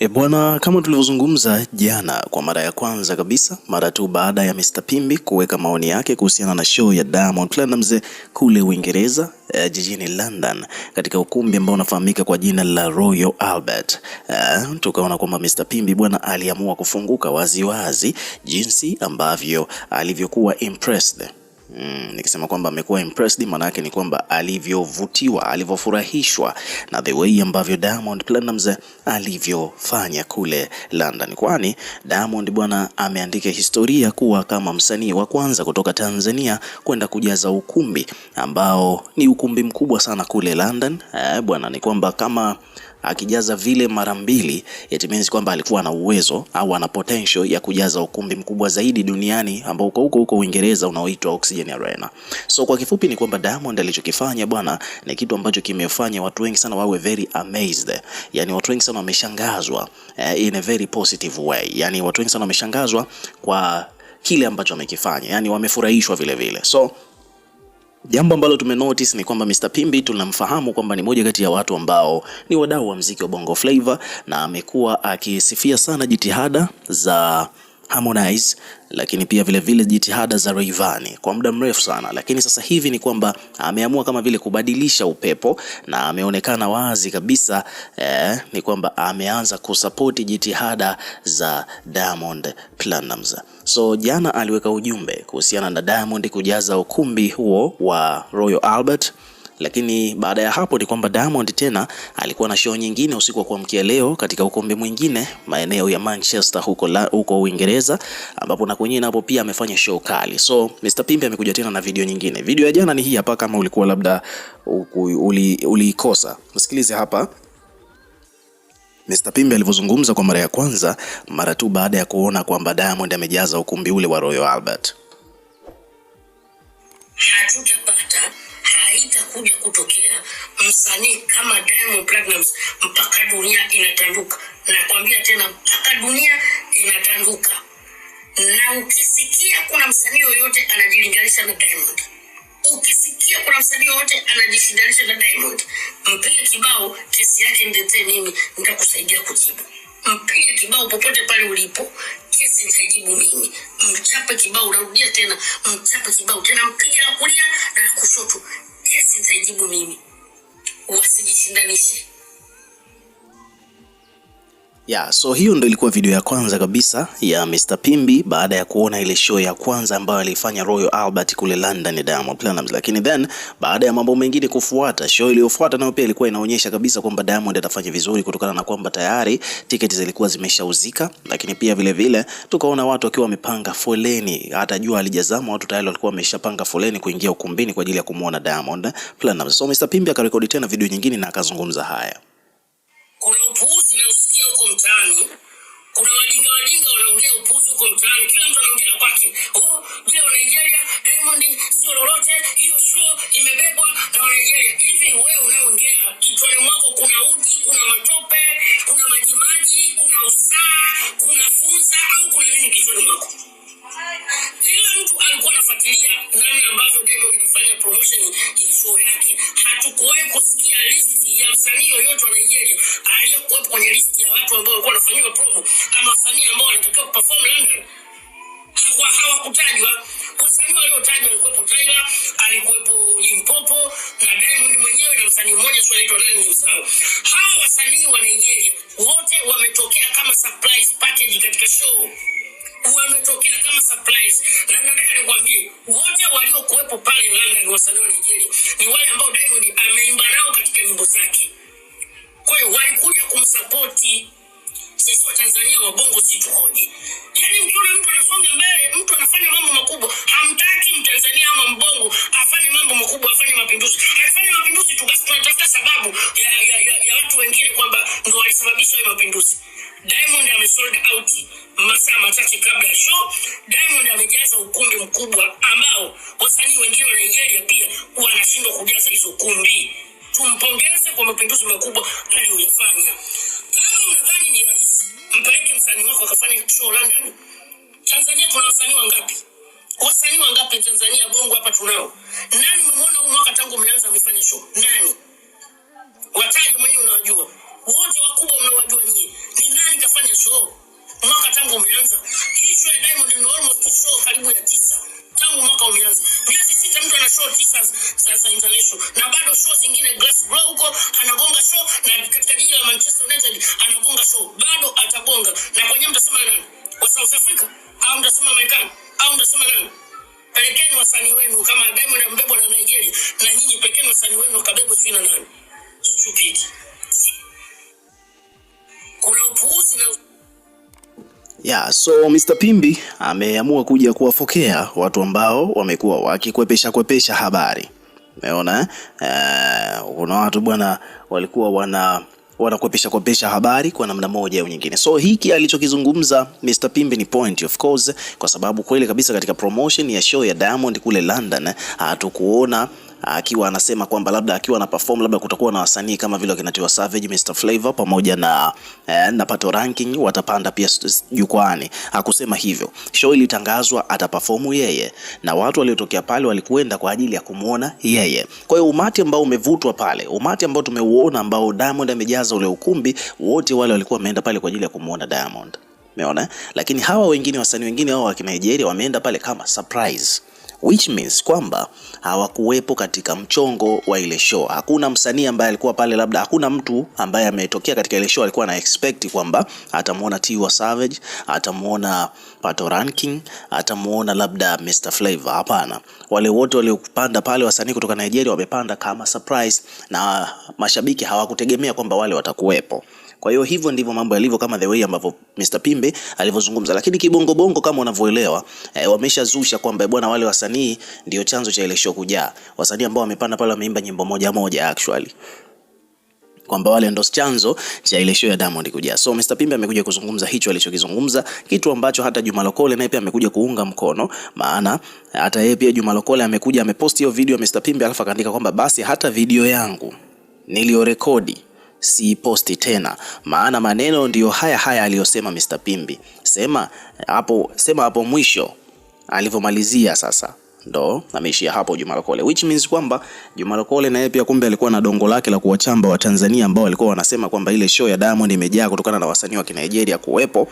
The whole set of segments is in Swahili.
E bwana, kama tulivyozungumza jana, kwa mara ya kwanza kabisa, mara tu baada ya Mr Pimbi kuweka maoni yake kuhusiana na show ya Diamond Platnumz kule Uingereza eh, jijini London katika ukumbi ambao unafahamika kwa jina la Royal Albert eh, tukaona kwamba Mr Pimbi bwana aliamua kufunguka waziwazi wazi, jinsi ambavyo alivyokuwa impressed Mm, nikisema kwamba amekuwa impressed maana yake ni kwamba alivyovutiwa, alivyofurahishwa na the way ambavyo Diamond Platinumz alivyofanya kule London, kwani Diamond bwana ameandika historia kuwa kama msanii wa kwanza kutoka Tanzania kwenda kujaza ukumbi ambao ni ukumbi mkubwa sana kule London. Eh, bwana ni kwamba kama akijaza vile mara mbili, it means kwamba alikuwa na uwezo au ana potential ya kujaza ukumbi mkubwa zaidi duniani ambao uko huko huko Uingereza unaoitwa Oxygen Arena. So kwa kifupi ni kwamba Diamond alichokifanya bwana ni kitu ambacho kimefanya watu wengi sana wawe very amazed. Yaani watu wengi sana wameshangazwa eh, in a very positive way. Yaani watu wengi sana wameshangazwa kwa kile ambacho amekifanya. Yaani wamefurahishwa vile vile. So Jambo ambalo tumenotice ni kwamba Mr Pimbi tunamfahamu kwamba ni moja kati ya watu ambao ni wadau wa mziki wa Bongo Flava na amekuwa akisifia sana jitihada za Harmonize lakini pia vile vile jitihada za Rayvanny kwa muda mrefu sana, lakini sasa hivi ni kwamba ameamua kama vile kubadilisha upepo na ameonekana wazi kabisa eh, ni kwamba ameanza kusapoti jitihada za Diamond Platnumz. So jana aliweka ujumbe kuhusiana na Diamond kujaza ukumbi huo wa Royal Albert lakini baada ya hapo ni kwamba Diamond tena alikuwa na show nyingine usiku wa kuamkia leo katika ukombe mwingine maeneo ya Manchester huko, la, huko Uingereza ambapo na kwenye napo pia amefanya show kali. So Mr Pimbe amekuja tena na video nyingine. Video ya jana ni hii hapa, kama ulikuwa labda uliikosa, uli msikilize hapa Mr Pimbe alivyozungumza kwa mara ya kwanza mara tu baada ya kuona kwamba Diamond amejaza ukumbi ule wa Royal Albert kuja kutokea msanii kama Diamond Platnumz mpaka dunia inatanduka. Nakwambia tena mpaka dunia inatanduka. Na ukisikia kuna msanii yoyote anajilinganisha na Diamond, ukisikia kuna msanii yoyote anajishindanisha na Diamond, mpige kibao, kesi yake ndete, mimi, nitakusaidia kujibu. Mpige kibao popote pale ulipo, kesi nitajibu mimi. Mchape kibao, narudia tena, mchape kibao tena, mpige la kulia na la kushoto. 时代进不秘密，我是你心代历史。Yeah, so hiyo ndo ilikuwa video ya kwanza kabisa ya Mr Pimbi baada ya kuona ile show ya kwanza ambayo alifanya Royal Albert kule London Diamond Platnumz. Lakini then baada ya mambo mengine kufuata, show iliyofuata nayo pia ilikuwa inaonyesha kabisa kwamba Diamond atafanya vizuri kutokana na kwamba tayari tiketi zilikuwa zimeshauzika, lakini pia vile vile tukaona watu wakiwa wamepanga foleni, hata jua alijazama, watu tayari walikuwa wameshapanga foleni kuingia ukumbini kwa ajili ya kumuona Diamond Platnumz. So Mr Pimbi akarekodi tena video nyingine na akazungumza haya. Kuna huko mtaani, kuna wajinga wajinga wanaongea upuzi huko mtaani, kila mtu anaongea kwake. Oh, vile wa Nigeria Diamond sio lolote, hiyo show imebebwa na wa Nigeria. Hivi wewe unaongea kichwani mwako kuna uji, kuna matope, kuna majimaji, kuna usafi show wametokea kama surprise, na nataka nikwambie wote waliokuwepo pale London, wasanii wa Nigeria ni wale ambao Diamond ameimba nao katika nyimbo zake. Kwa hiyo walikuja kumsapoti. Sisi wa Tanzania wabongo Bongo si tukoje? Yaani mkiona mtu anasonga mbele, mtu anafanya mambo makubwa, wako wakafanya kitu show London. Tanzania tuna wasanii wangapi? Wasanii wangapi Tanzania bongo hapa tunao? Nani umeona huu mwaka tangu mlianza umefanya show? Nani? Wataje mwenyewe unawajua. Wote wakubwa mnawajua nyie. Ni nani kafanya show? Yeah, so Mr. Pimbi ameamua kuja kuwafokea watu ambao wamekuwa wakikwepesha kwepesha habari. Umeona eh? Kuna watu bwana walikuwa wana wanakwepesha kwepesha habari kwa namna moja au nyingine. So hiki alichokizungumza Mr. Pimbi ni point of course, kwa sababu kweli kabisa katika promotion ya show ya Diamond kule London hatukuona akiwa anasema kwamba labda akiwa na perform labda kutakuwa na wasanii kama vile wakinatiwa Savage, Mr Flavor pamoja na eh, na Pato Ranking watapanda pia jukwani. Hakusema hivyo, show ilitangazwa ataperform yeye, na watu waliotokea pale walikwenda kwa ajili ya kumwona yeye. Kwa hiyo umati ambao umevutwa pale, umati ambao tumeuona, ambao Diamond amejaza ule ukumbi, wote wale walikuwa wameenda pale kwa ajili ya kumwona Diamond. Umeona, lakini hawa wengine wasanii wengine hao wa Nigeria wameenda pale kama surprise which means kwamba hawakuwepo katika mchongo wa ile show. Hakuna msanii ambaye alikuwa pale, labda hakuna mtu ambaye ametokea katika ile show alikuwa na expect kwamba atamuona Tiwa Savage, atamuona Pato Ranking, atamuona labda Mr Flavor. Hapana, wale wote waliopanda pale, wasanii kutoka Nigeria wamepanda kama surprise, na mashabiki hawakutegemea kwamba wale watakuwepo. Kwa hiyo hivyo ndivyo mambo yalivyo, kama the way ambavyo Mr Pimbe alivyozungumza, lakini kibongo bongo kama unavyoelewa e, wameshazusha kwamba eh, bwana, wale wasanii ndio chanzo cha ile show kujaa. Wasanii ambao wamepanda pale wameimba nyimbo moja moja actually kwamba wale ndo chanzo cha ile show ya Diamond kuja. So Mr Pimbe amekuja kuzungumza hicho alichokizungumza, kitu ambacho hata Juma Lokole naye pia amekuja kuunga mkono, maana eh, hata yeye pia Juma Lokole amekuja amepost hiyo video ya Mr Pimbe, alafu akaandika kwamba basi hata video yangu niliyorekodi siiposti tena, maana maneno ndiyo haya haya aliyosema Mr Pimbi. Sema hapo, sema hapo mwisho alivyomalizia sasa ndo ameishia hapo Juma Lokole, which means kwamba Juma Lokole na yeye pia kumbe alikuwa na dongo lake la kuwachamba wa Tanzania ambao walikuwa wanasema kwamba ile show ya Diamond imejaa kutokana na wasanii wa Kinigeria kuwepo,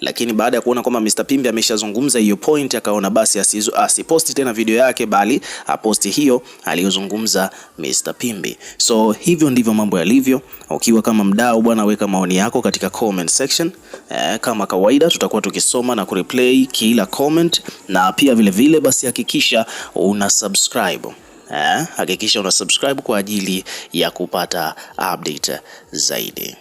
lakini baada ya kuona kwamba Mr Pimbi ameshazungumza hiyo point, akaona basi asizo asiposti tena video yake, bali aposti hiyo aliyozungumza Mr Pimbi. So hivyo ndivyo mambo yalivyo. Ukiwa kama mdau bwana, weka maoni yako katika comment section. Eh, kama kawaida tutakuwa tukisoma na kureplay kila comment, na pia vile vile basi hakikisha hakikisha una subscribe. Eh, hakikisha una subscribe kwa ajili ya kupata update zaidi.